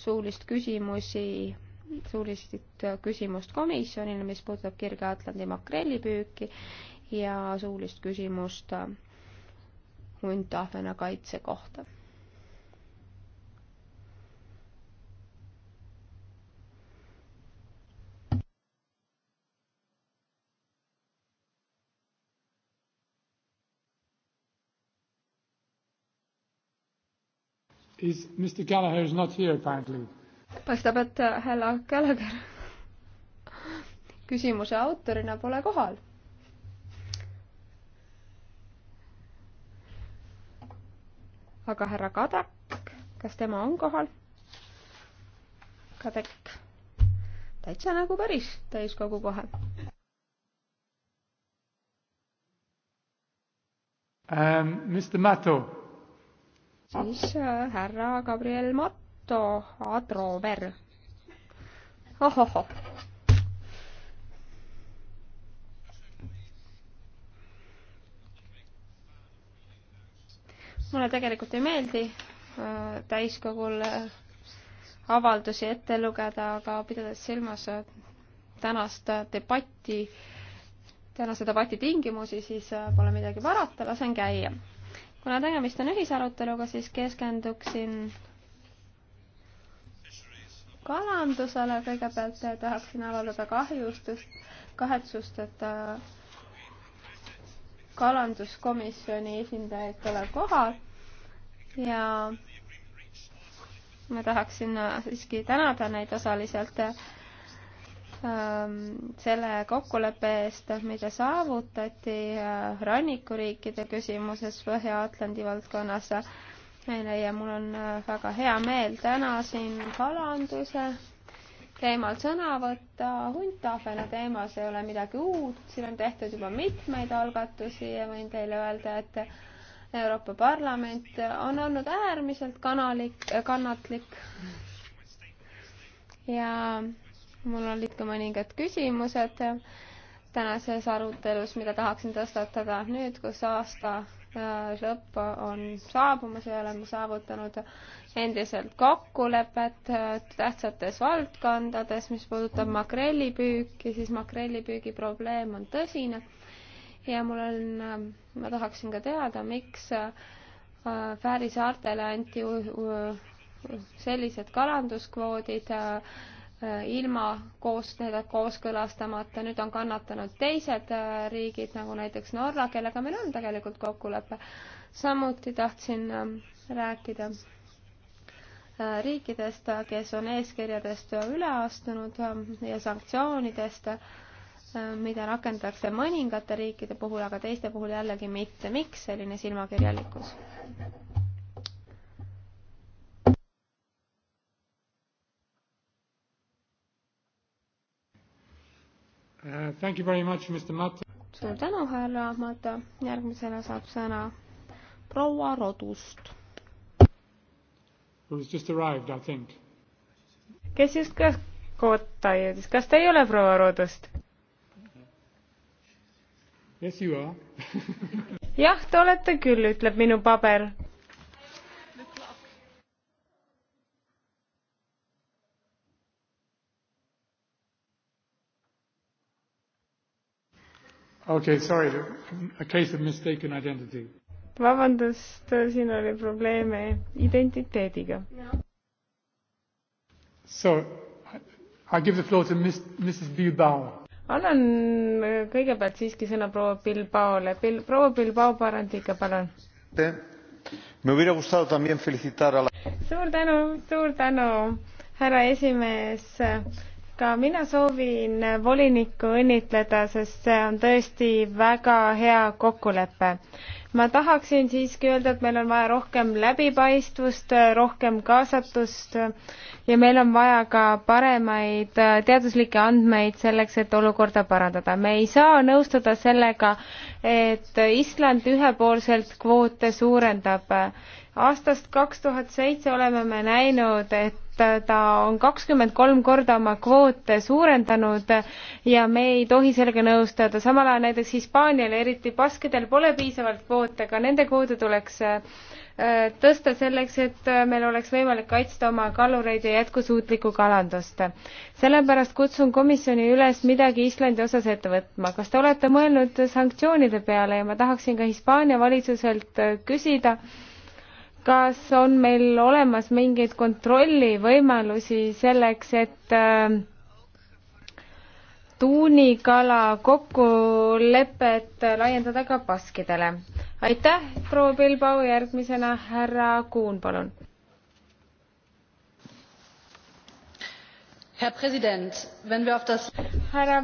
suulist küsimusi, suulist küsimust komisjonile, mis puudutab Kirga-Atlandi makrellipüüki ja suulist küsimust huntahvena kaitse kohta is Mr Gallagher is not here apparently. paistab, et äh, härra Gallagher küsimuse autorina pole kohal. aga härra Kadek, kas tema on kohal? Kadek, täitsa nagu päris täiskogu kohe. Um, Mr Mato siis äh, härra Gabriel Matto Adrover. ohohoh. mulle tegelikult ei meeldi äh, täiskogul äh, avaldusi ette lugeda, aga pidades silmas tänast debatti, tänase debati tingimusi, siis pole midagi parata, lasen käia kuna tegemist on ühisaruteluga, siis keskenduksin kalandusele, kõigepealt tahaksin avaldada kahjustust, kahetsust, et kalanduskomisjoni esindajaid pole kohal ja ma tahaksin siiski tänada neid osaliselt Ähm, selle kokkuleppe eest, mida saavutati äh, rannikuriikide küsimuses Põhja-Atlandi valdkonnas. ja mul on äh, väga hea meel täna siin kalanduse teemal sõna võtta. Huntafena teemas ei ole midagi uut, siin on tehtud juba mitmeid algatusi ja võin teile öelda, et Euroopa Parlament on olnud äärmiselt kanalik, äh, kannatlik ja mul olid ka mõningad küsimused tänases arutelus, mida tahaksin tõstatada nüüd, kus aasta äh, lõpp on saabumas ja oleme saavutanud endiselt kokkulepet äh, tähtsates valdkondades, mis puudutab makrellipüüki, siis makrellipüügi probleem on tõsine ja mul on, äh, ma tahaksin ka teada, miks Fääri saartele anti sellised kalanduskvoodid Äh, ilma koos, nii-öelda kooskõlastamata, nüüd on kannatanud teised äh, riigid, nagu näiteks Norra, kellega meil on tegelikult kokkulepe. samuti tahtsin ähm, rääkida äh, riikidest, kes on eeskirjadest üle astunud ähm, ja sanktsioonidest, mida rakendatakse mõningate riikide puhul, aga teiste puhul jällegi mitte. miks selline silmakirjalikkus? Uh, suur tänu, härra Mata, järgmisena saab sõna proua Rodust. kes just ka kotta jõudis, kas te ei ole proua Rodust? jah, te olete küll, ütleb minu paber okei okay,, sorry, a case of mistaken identity. vabandust, siin oli probleeme identiteediga no.. So I give the floor to Miss, Mrs Bilbao. annan kõigepealt siiski sõna proua Bilbaole. Bil-, proua Bilbao Parandiga, palun. Me hubiera gustado también felicitar a la... suur tänu, suur tänu, härra esimees ka mina soovin volinikku õnnitleda, sest see on tõesti väga hea kokkulepe. ma tahaksin siiski öelda, et meil on vaja rohkem läbipaistvust, rohkem kaasatust ja meil on vaja ka paremaid teaduslikke andmeid selleks, et olukorda parandada. me ei saa nõustuda sellega, et Island ühepoolselt kvoote suurendab. aastast kaks tuhat seitse oleme me näinud, et Äh, ta on kakskümmend kolm korda oma kvoote suurendanud ja me ei tohi sellega nõustuda. samal ajal näiteks Hispaanial ja eriti Baskidel pole piisavalt kvoote, ka nende kvoote tuleks äh, tõsta selleks, et äh, meil oleks võimalik kaitsta oma kalureid ja jätkusuutlikku kalandust. sellepärast kutsun komisjoni üles midagi Islandi osas ette võtma. kas te olete mõelnud sanktsioonide peale ja ma tahaksin ka Hispaania valitsuselt küsida, kas on meil olemas mingeid kontrollivõimalusi selleks, et äh, tuunikala kokkulepet laiendada ka baskidele? aitäh, proua Bilbao, järgmisena härra Kuun, palun. härra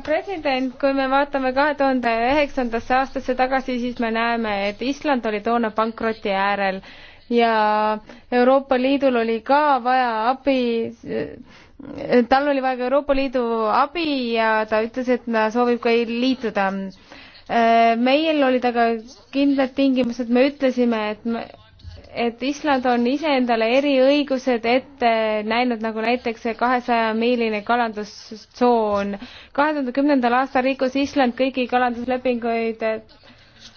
president kui me vaatame 2009 aastasse tagasi siis me näeme et island oli toona pankroti äärel ja Euroopa Liidul oli ka vaja abi, tal oli vaja ka Euroopa Liidu abi ja ta ütles, et ta soovib ka liituda. meil olid aga kindlad tingimused, me ütlesime, et me, et Island on iseendale eriõigused ette näinud, nagu näiteks see kahesaja miiline kalandustsoon. kahe tuhande kümnendal aastal rikkus Island kõiki kalanduslepinguid, et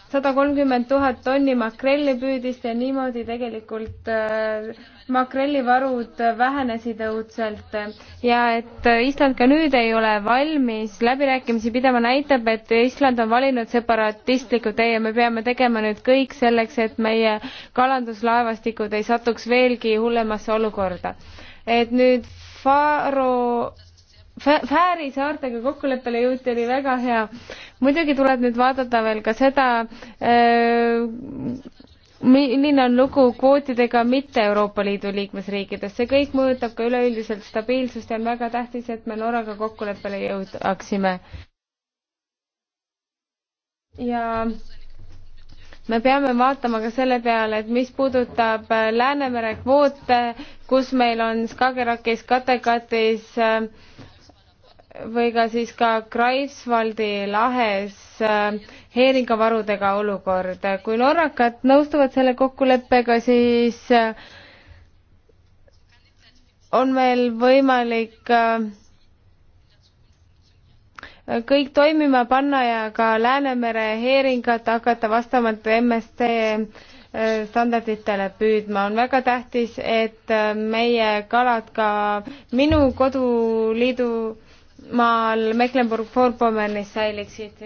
sada kolmkümmend tuhat tonni makrelli püüdis ja niimoodi tegelikult äh, makrellivarud vähenesid õudselt ja et Island ka nüüd ei ole valmis läbirääkimisi pidama, näitab, et Island on valinud separatistliku tee ja me peame tegema nüüd kõik selleks, et meie kalanduslaevastikud ei satuks veelgi hullemasse olukorda. et nüüd Faro Fääri saartega kokkuleppele jõuti, oli väga hea. muidugi tuleb nüüd vaadata veel ka seda, äh, milline on lugu kvootidega mitte Euroopa Liidu liikmesriikides. see kõik mõjutab ka üleüldiselt stabiilsust ja on väga tähtis, et me Norraga kokkuleppele jõuaksime. ja me peame vaatama ka selle peale, et mis puudutab äh, Läänemere kvoote, kus meil on Skagerrakis, Katekatis äh, või ka siis ka Greifswaldi lahes äh, heeringavarudega olukord. kui norrakad nõustuvad selle kokkuleppega, siis äh, on meil võimalik äh, kõik toimima panna ja ka Läänemere heeringat hakata vastavalt MSC standarditele püüdma. on väga tähtis, et meie kalad ka minu koduliidu maal Mecklenburg-Vorpommernis säiliksid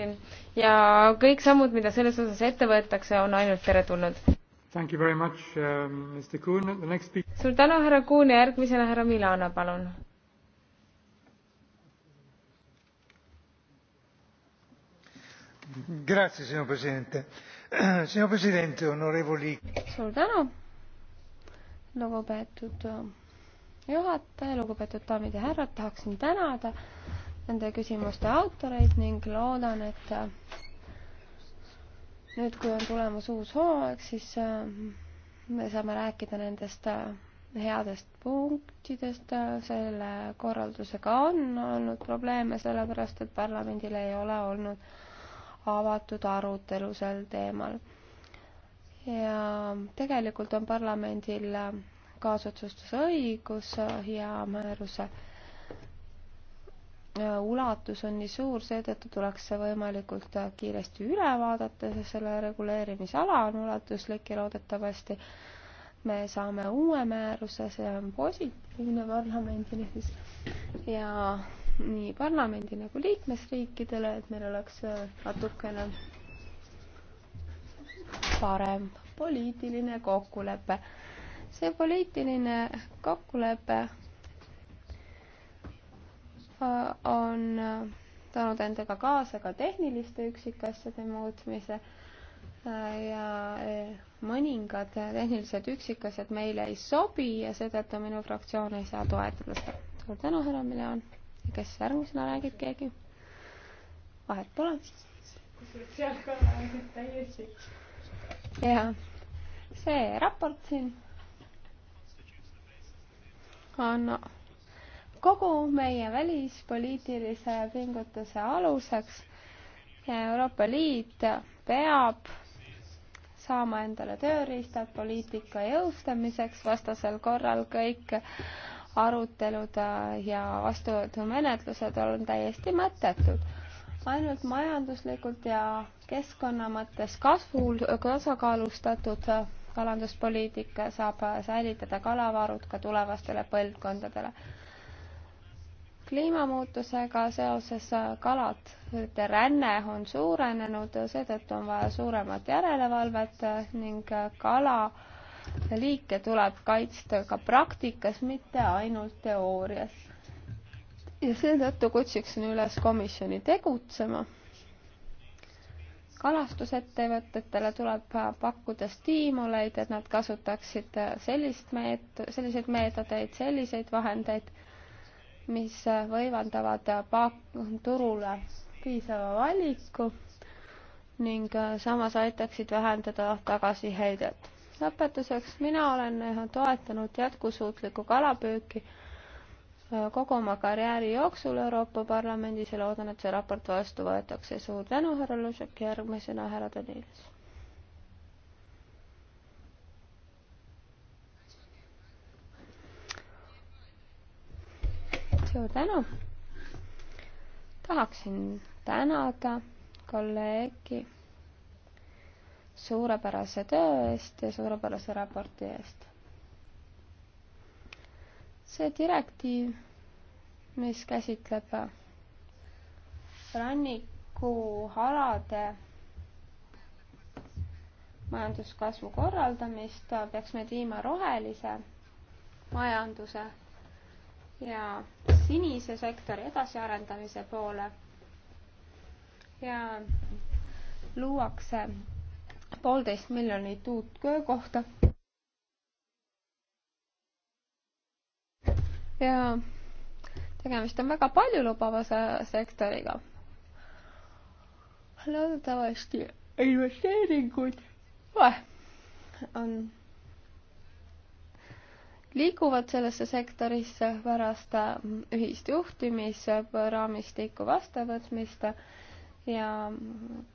ja kõik sammud, mida selles osas ette võetakse, on ainult teretulnud. Uh, suur tänu, härra Kuhn ja järgmisena härra Milana, palun. suur tänu, lugupeetud uh, juhataja, lugupeetud daamid ja härrad, tahaksin tänada nende küsimuste autoreid ning loodan, et äh, nüüd, kui on tulemas uus hooaeg, siis äh, me saame rääkida nendest äh, headest punktidest, selle korraldusega on olnud probleeme, sellepärast et parlamendil ei ole olnud avatud arutelu sel teemal. ja tegelikult on parlamendil kaasotsustusõigus ja määruse Äh, ulatus on nii suur, seetõttu tuleks see võimalikult äh, kiiresti üle vaadata, sest selle reguleerimisala on ulatuslik ja loodetavasti me saame uue määruse, see on positiivne parlamendile siis ja nii parlamendi nagu liikmesriikidele, et meil oleks äh, natukene parem poliitiline kokkulepe. see poliitiline kokkulepe Äh, on äh, toonud endaga kaasa ka tehniliste üksikasjade muutmise äh, ja mõningad tehnilised üksikasjad meile ei sobi ja seetõttu minu fraktsioon ei saa toetada seda. suur tänu, härra Milan. kes järgmisena räägib, keegi? vahet pole. sotsiaalkanalid täiesti. jah, see raport siin on no, kogu meie välispoliitilise pingutuse aluseks. Euroopa Liit peab saama endale tööriistad poliitika jõustamiseks, vastasel korral kõik arutelud ja vastuvõtumenetlused on täiesti mõttetud. ainult majanduslikult ja keskkonna mõttes kasvul tasakaalustatud kalanduspoliitika saab säilitada kalavarud ka tulevastele põlvkondadele kliimamuutusega seoses kalade ränne on suurenenud, seetõttu on vaja suuremat järelevalvet ning kala liike tuleb kaitsta ka praktikas, mitte ainult teoorias. ja seetõttu kutsuksin üles komisjoni tegutsema. kalastusettevõtetele tuleb pakkuda stiimuleid, et nad kasutaksid sellist meet-, selliseid meetodeid, selliseid vahendeid mis võimaldavad turule piisava valiku ning samas aitaksid vähendada tagasiheidet. lõpetuseks, mina olen toetanud jätkusuutlikku kalapüüki äh, kogu oma karjääri jooksul Euroopa Parlamendis ja loodan, et see raport vastu võetakse. suur tänu, härra Lušek, järgmisena härra Danilis. suur tänu. tahaksin tänada kolleegi suurepärase töö eest ja suurepärase raporti eest. see direktiiv, mis käsitleb rannikualade majanduskasvu korraldamist, peaks meid viima rohelise majanduse ja sinise sektori edasiarendamise poole ja luuakse poolteist miljonit uut töökohta. ja tegemist on väga paljulubava sektoriga. loodetavasti investeeringuid on liiguvad sellesse sektorisse pärast mm, ühist juhtimisraamistiku vastuvõtmist ja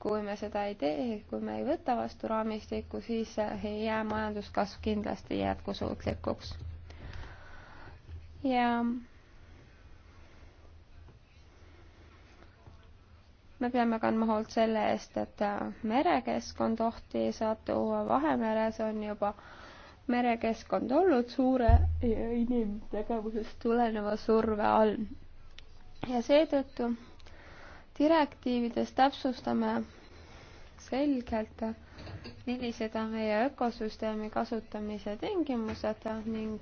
kui me seda ei tee, kui me ei võta vastu raamistikku, siis ei jää majanduskasv kindlasti jätkusuutlikuks. ja me peame kandma hoolt selle eest, et merekeskkond ohti ei satu, Vahemeres on juba äh, merekeskkond olnud suure inimtegevusest tuleneva surve all. ja seetõttu direktiivides täpsustame selgelt, millised on meie ökosüsteemi kasutamise tingimused ning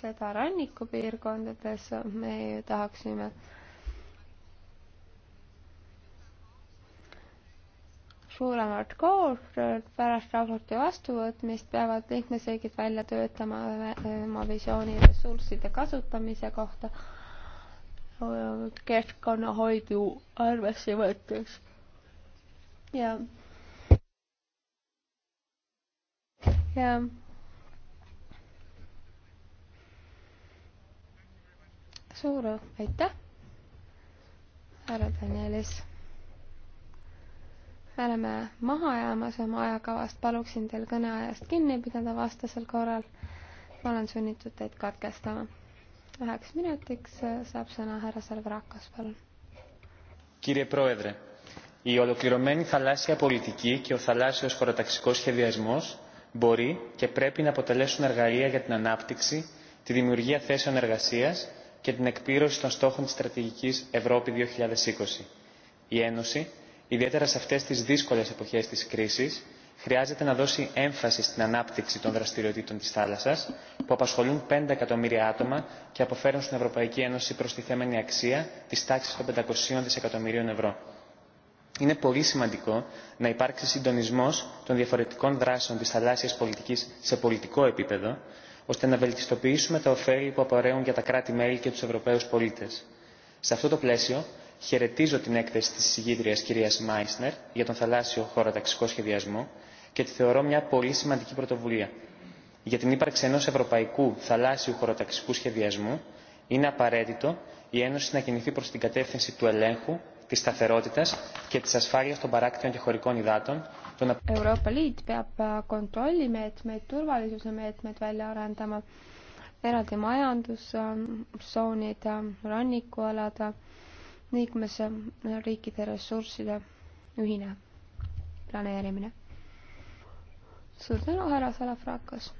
seda rannikupiirkondades me tahaksime suuremat koostööd pärast raporti vastuvõtmist peavad liikmesriigid välja töötama oma visiooni ressursside kasutamise kohta keskkonnahoidu arvesse võttes. ja. ja. suur aitäh, härra Danielis me oleme maha jäämas oma ajakavast, paluksin teil kõneajast kinni pidada, vastasel korral ma olen sunnitud teid katkestama. üheks minutiks saab sõna härra Salvrakas, palun. Kirje Proedre, η ολοκληρωμένη θαλάσσια πολιτική και ο θαλάσσιος χωροταξικός σχεδιασμός μπορεί και πρέπει να αποτελέσουν εργαλεία για την ανάπτυξη, τη δημιουργία θέσεων εργασίας και την εκπλήρωση των στόχων της στρατηγικής Ευρώπη 2020. Η Ένωση ιδιαίτερα σε αυτές τις δύσκολες εποχές της κρίσης, χρειάζεται να δώσει έμφαση στην ανάπτυξη των δραστηριοτήτων της θάλασσας, που απασχολούν 5 εκατομμύρια άτομα και αποφέρουν στην Ευρωπαϊκή Ένωση προστιθέμενη αξία της τάξης των 500 δισεκατομμυρίων ευρώ. Είναι πολύ σημαντικό να υπάρξει συντονισμός των διαφορετικών δράσεων της θαλάσσιας πολιτικής σε πολιτικό επίπεδο, ώστε να βελτιστοποιήσουμε τα ωφέλη που απορρέουν για τα κράτη-μέλη και τους Ευρωπαίους πολίτες. Σε αυτό το πλαίσιο, χαιρετίζω την έκθεση της συγγήτριας κυρίας Μάισνερ για τον θαλάσσιο χωροταξικό σχεδιασμό και τη θεωρώ μια πολύ σημαντική πρωτοβουλία. Για την ύπαρξη ενός ευρωπαϊκού θαλάσσιου χωροταξικού σχεδιασμού είναι απαραίτητο η Ένωση να κινηθεί προς την κατεύθυνση του ελέγχου, της σταθερότητας και της ασφάλειας των παράκτιων και χωρικών υδάτων Euroopa Liit peab kontrollimeetmeid, turvalisuse meetmeid välja arendama, eraldi majandustsoonid, ähm, ähm, rannikualad liikmesriikide ressursside ühine planeerimine. suur tänu, härra Salafrakas.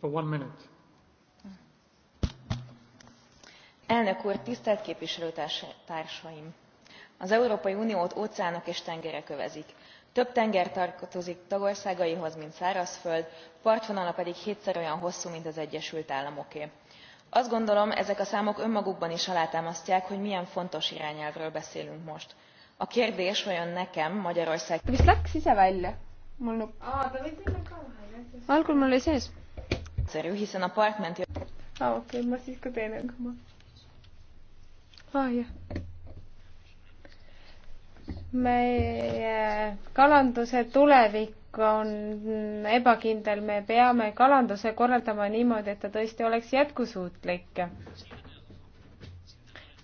For one minute. Elnök úr, tisztelt képviselőtársaim! Az Európai Uniót óceánok és tengerek övezik több tenger tartozik tagországaihoz mint szárazföld partvonala pedig hétszer olyan hosszú mint az egyesült államoké azt gondolom ezek a számok önmagukban is alátámasztják hogy milyen fontos irányelvről beszélünk most. a kérdés vajon nekem magyarország. vist läks ise välja? mul nupp. algul mul oli sees. egyszerű hiszen a partmenti. aa ah, okei okay, ma siis ka teen aga ma. aa jah meie eh, kalanduse tulevik on ebakindel, me peame kalanduse korraldama niimoodi, et ta tõesti oleks jätkusuutlik.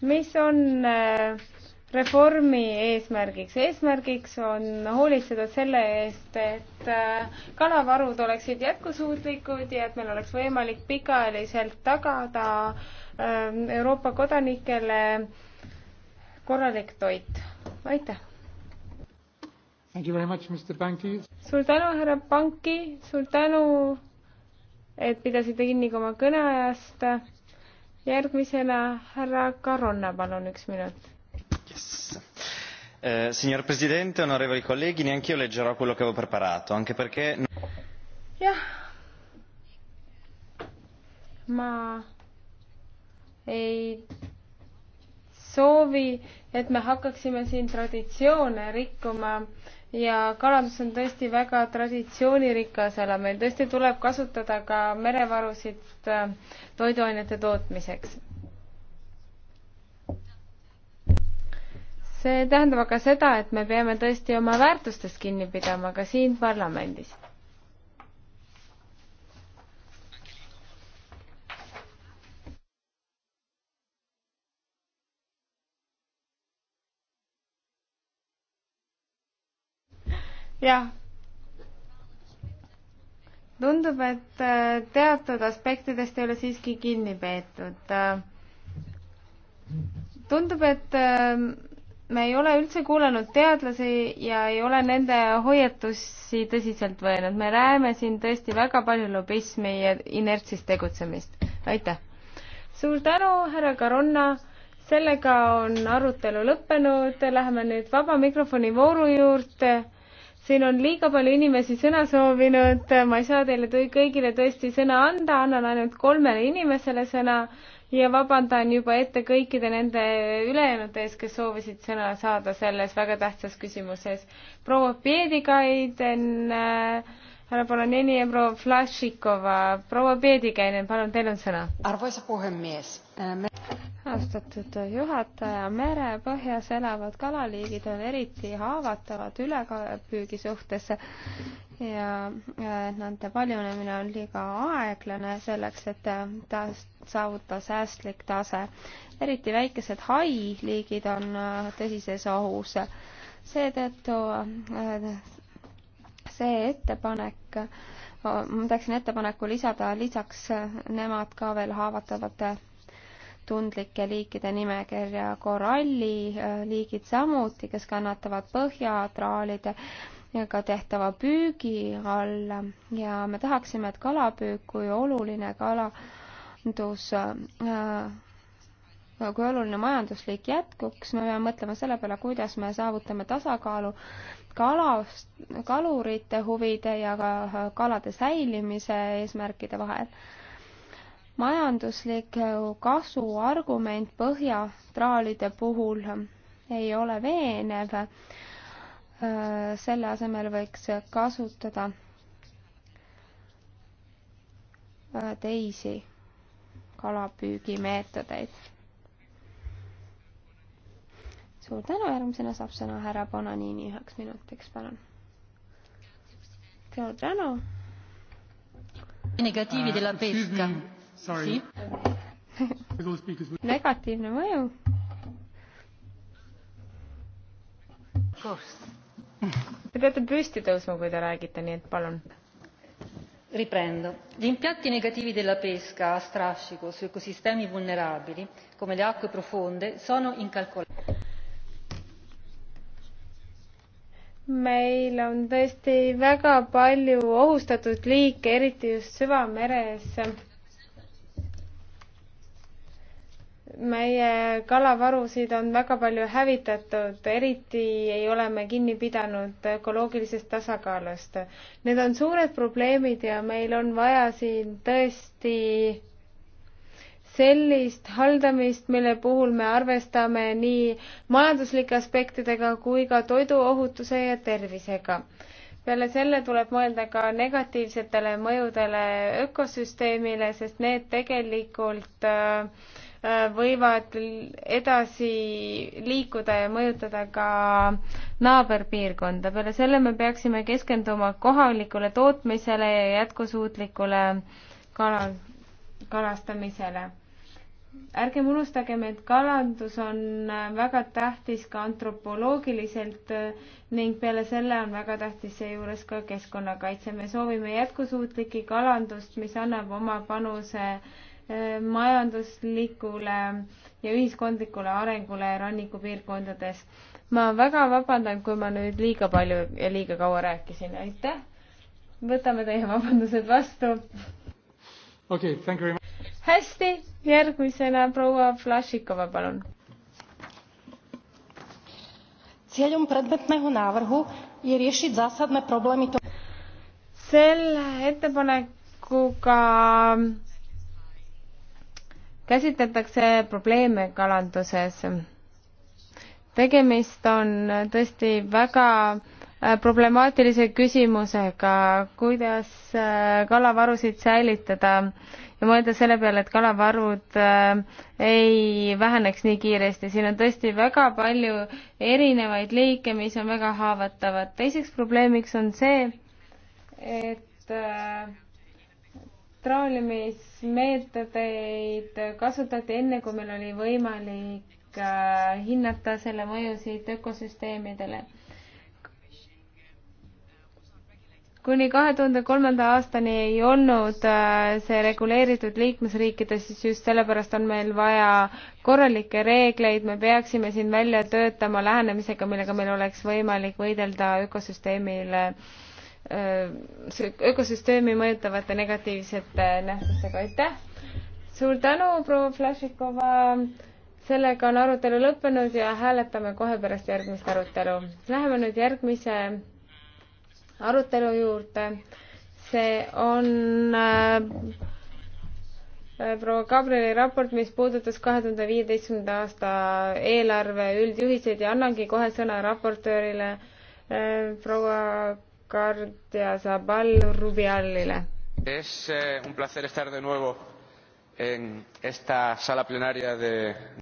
mis on äh, reformi eesmärgiks? eesmärgiks on hoolitseda selle eest, et äh, kalavarud oleksid jätkusuutlikud ja et meil oleks võimalik pikaajaliselt tagada äh, Euroopa kodanikele korralik toit. aitäh! suur tänu, härra Panki, suur tänu, et pidasite kinni ka oma kõneajast. järgmisena härra Caronna, palun üks minut yes.. Eh, signor Presidente, onorevoli colleghi, neanch'io leggerò quello che avevo preparato, anche perché... jah, ma ei soovi, et me hakkaksime siin traditsioone rikkuma ja kalandus on tõesti väga traditsioonirikas ala, meil tõesti tuleb kasutada ka merevarusid äh, toiduainete tootmiseks. see tähendab aga seda, et me peame tõesti oma väärtustest kinni pidama ka siin parlamendis jah. tundub, et äh, teatud aspektidest ei ole siiski kinni peetud. Äh, tundub, et äh, me ei ole üldse kuulanud teadlasi ja ei ole nende hoiatusi tõsiselt võetud. me näeme siin tõesti väga palju lobismi ja inertsis tegutsemist. aitäh! suur tänu, härra Karonna! sellega on arutelu lõppenud, läheme nüüd vaba mikrofoni vooru juurde siin on liiga palju inimesi sõna soovinud, ma ei saa teile tõ kõigile tõesti sõna anda, annan ainult kolmele inimesele sõna ja vabandan juba ette kõikide nende ülejäänute ees, kes soovisid sõna saada selles väga tähtsas küsimuses. proua Peedikainen äh,, härra Poloneni ja proua Flašikova, proua Peedikainen, palun, teil on sõna. arvoisa puhemees äh,. Me austatud juhataja, merepõhjas elavad kalaliigid on eriti haavatavad ülepüügi suhtes ja nende paljunemine on liiga aeglane selleks, et ta saavuta säästlik tase. eriti väikesed hai-liigid on äh, tõsises ohus. seetõttu äh, see ettepanek, äh, ma teeksin ettepaneku lisada lisaks nemad ka veel haavatavate tundlike liikide nimekirja, koralliliigid äh, samuti, kes kannatavad põhjatraalide ka tehtava püügi all ja me tahaksime, et kalapüük kui oluline kalandus äh, kui oluline majandusliik jätkuks, me peame mõtlema selle peale, kuidas me saavutame tasakaalu kalast, kalurite huvide ja ka äh, kalade säilimise eesmärkide vahel majanduslik äh, kasu argument põhjatraalide puhul ei ole veenev. Äh, selle asemel võiks kasutada äh, teisi kalapüügimeetodeid. suur tänu, järgmisena saab sõna härra Bonanini üheks minutiks, palun. suur tänu. negatiivi della pesca negatiivne mõju. Te peate püsti tõusma, kui te räägite, nii et palun. Riprendo. Gli impatti negativi della pesca a strascico su ecosistemi vulnerabili, come le acque profonde, sono incalcolabili. meil on tõesti väga palju ohustatud liike, eriti just süvameres meie kalavarusid on väga palju hävitatud, eriti ei ole me kinni pidanud ökoloogilisest tasakaalust. Need on suured probleemid ja meil on vaja siin tõesti sellist haldamist, mille puhul me arvestame nii majanduslike aspektidega kui ka toiduohutuse ja tervisega. peale selle tuleb mõelda ka negatiivsetele mõjudele ökosüsteemile, sest need tegelikult äh, võivad edasi liikuda ja mõjutada ka naaberpiirkonda. peale selle me peaksime keskenduma kohalikule tootmisele ja jätkusuutlikule kala, kalastamisele. ärgem unustagem, et kalandus on väga tähtis ka antropoloogiliselt ning peale selle on väga tähtis seejuures ka keskkonnakaitse. me soovime jätkusuutlikki kalandust, mis annab oma panuse majanduslikule ja ühiskondlikule arengule rannikupiirkondades. ma väga vabandan, kui ma nüüd liiga palju ja liiga kaua rääkisin, aitäh. võtame teie vabandused vastu. okei okay,, thank you very much. hästi, järgmisena proua Flašikova, palun. Cieľom predmetného návrhu je riešiť zásadné problémy. selle ettepanekuga käsitletakse probleeme kalanduses. tegemist on tõesti väga äh, problemaatilise küsimusega, kuidas äh, kalavarusid säilitada ja mõelda selle peale, et kalavarud äh, ei väheneks nii kiiresti. siin on tõesti väga palju erinevaid liike, mis on väga haavatavad. teiseks probleemiks on see, et traalimismeetodeid kasutati enne, kui meil oli võimalik äh, hinnata selle mõjusid ökosüsteemidele. kuni kahe tuhande kolmanda aastani ei olnud äh, see reguleeritud liikmesriikides, siis just sellepärast on meil vaja korralikke reegleid, me peaksime siin välja töötama lähenemisega, millega meil oleks võimalik võidelda ökosüsteemile äh, Äh, ökosüsteemi mõjutavate negatiivsete nähtustega, aitäh! suur tänu, proua Flašikova, sellega on arutelu lõppenud ja hääletame kohe pärast järgmist arutelu. Läheme nüüd järgmise arutelu juurde, see on äh, äh proua Gabrieli raport, mis puudutas kahe tuhande viieteistkümnenda aasta eelarve üldjuhiseid ja annangi kohe sõna raportöörile äh, proua Cardia Zabal Rubialile. Es eh, un placer estar de nuevo en esta sala plenaria de